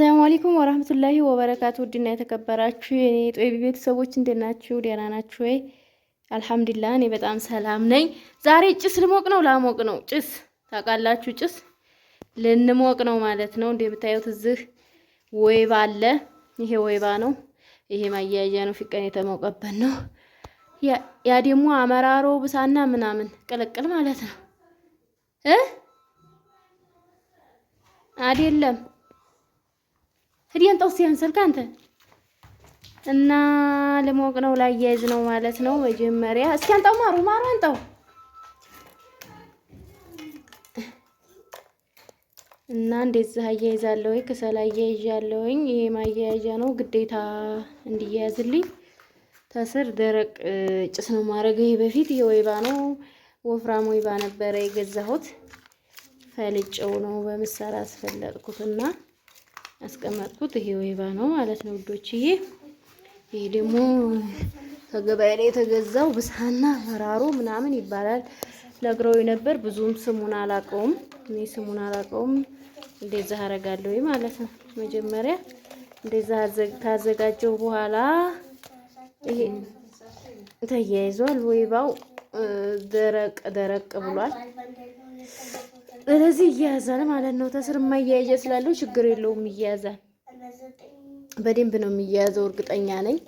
አሰላሙ አለይኩም ወራህመቱላሂ ወበረካቱ። ውድና የተከበራችሁ የኔ ጦይ ቤተሰቦች እንዴት ናችሁ? ደህና ናችሁ ወይ? አልሐምዱሊላህ እኔ በጣም ሰላም ነኝ። ዛሬ ጭስ ልሞቅ ነው ላሞቅ ነው። ጭስ ታውቃላችሁ፣ ጭስ ልንሞቅ ነው ማለት ነው። እንደምታዩት እዚህ ወይባ አለ። ይሄ ወይባ ነው። ይሄ ማያያዣ ነው። ፊቀን የተሞቀበት ነው። ያ ደግሞ አመራሮ ብሳና ምናምን ቅልቅል ማለት ነው እ አይደለም ህዲያን ጠውስ ያን ስልክ አንተ እና ልሞቅ ነው ላያይዝ ነው ማለት ነው። መጀመሪያ እስኪ አንጣው ማሩ ማሩ አንጣው እና እንደዚህ አያይዛለሁ ወይ ከሰል አያይዣለሁኝ። ይሄ ማያያዣ ነው ግዴታ እንዲያያዝልኝ። ተስር ደረቅ ጭስ ነው ማድረገው። ይሄ በፊት ይሄ ወይባ ነው ወፍራም ወይባ ነበረ የገዛሁት። ፈልጬው ነው በምሳር አስፈለጥኩትና አስቀመጥኩት ይሄ ወይባ ነው ማለት ነው ውዶችዬ። ይሄ ደግሞ ከገበያ ላይ የተገዛው ብሳና መራሮ ምናምን ይባላል ነግረው ነበር። ብዙም ስሙን አላቀውም እኔ ስሙን አላቀውም። እንደዛ አረጋለሁ ማለት ነው። መጀመሪያ እንደዛ ታዘጋጀው በኋላ ይሄ ተያይዟል። ወይባው ደረቅ ደረቅ ብሏል። ስለዚህ እያያዛል ማለት ነው። ተስር የማያያዘ ስላለው ችግር የለውም እያያዛል በደንብ ነው የሚያያዘው፣ እርግጠኛ ነኝ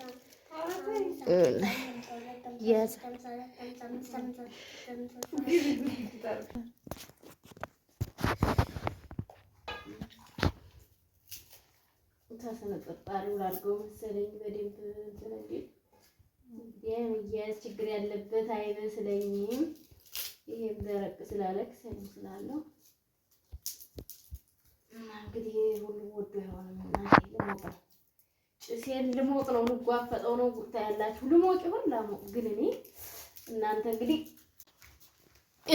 ችግር ያለበት አይመስለኝም። ደረቅ ስላለ ክሰል እና እንግዲህ ሁሉ ወዶ አይሆንም እና ልሞቅ ነው ጭሴን ልሞቅ ነው ልጓፈጠው ነው ጉርታ ያላችሁ ልሞቅ ይሆን ላሞቅ ግን እኔ እናንተ እንግዲህ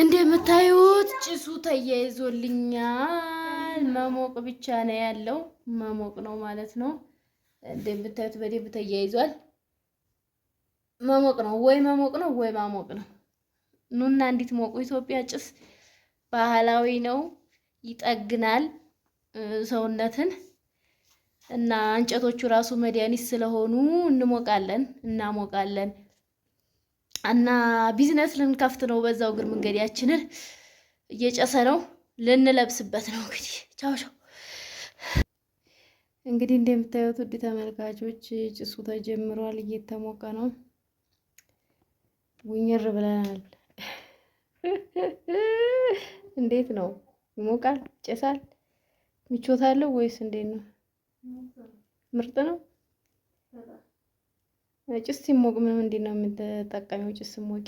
እንደምታዩት ጭሱ ተያይዞልኛል። መሞቅ ብቻ ነው ያለው፣ መሞቅ ነው ማለት ነው። እንደምታዩት በደንብ ተያይዟል። መሞቅ ነው ወይ መሞቅ ነው ወይ ማሞቅ ነው። ኑና ሞቁ ኢትዮጵያ ጭስ ባህላዊ ነው፣ ይጠግናል ሰውነትን እና እንጨቶቹ ራሱ መድኃኒት ስለሆኑ እንሞቃለን እናሞቃለን እና ቢዝነስ ልንከፍት ነው። በዛው እግር መንገዲያችንን እየጨሰ ነው ልንለብስበት ነው። እንግዲህ ቻው ቻው። እንግዲህ እንደምታዩት ውድ ተመልካቾች ጭሱ ተጀምሯል፣ እየተሞቀ ነው። ጉኝር ብለናል። እንዴት ነው? ይሞቃል? ጭሳል? ምቾት አለው ወይስ እንዴት ነው? ምርጥ ነው። ጭስ ሲሞቅ ምንም እንዴት ነው የምትጠቀሚው? ጭስ ሲሞቂ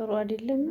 ጥሩ አይደለም።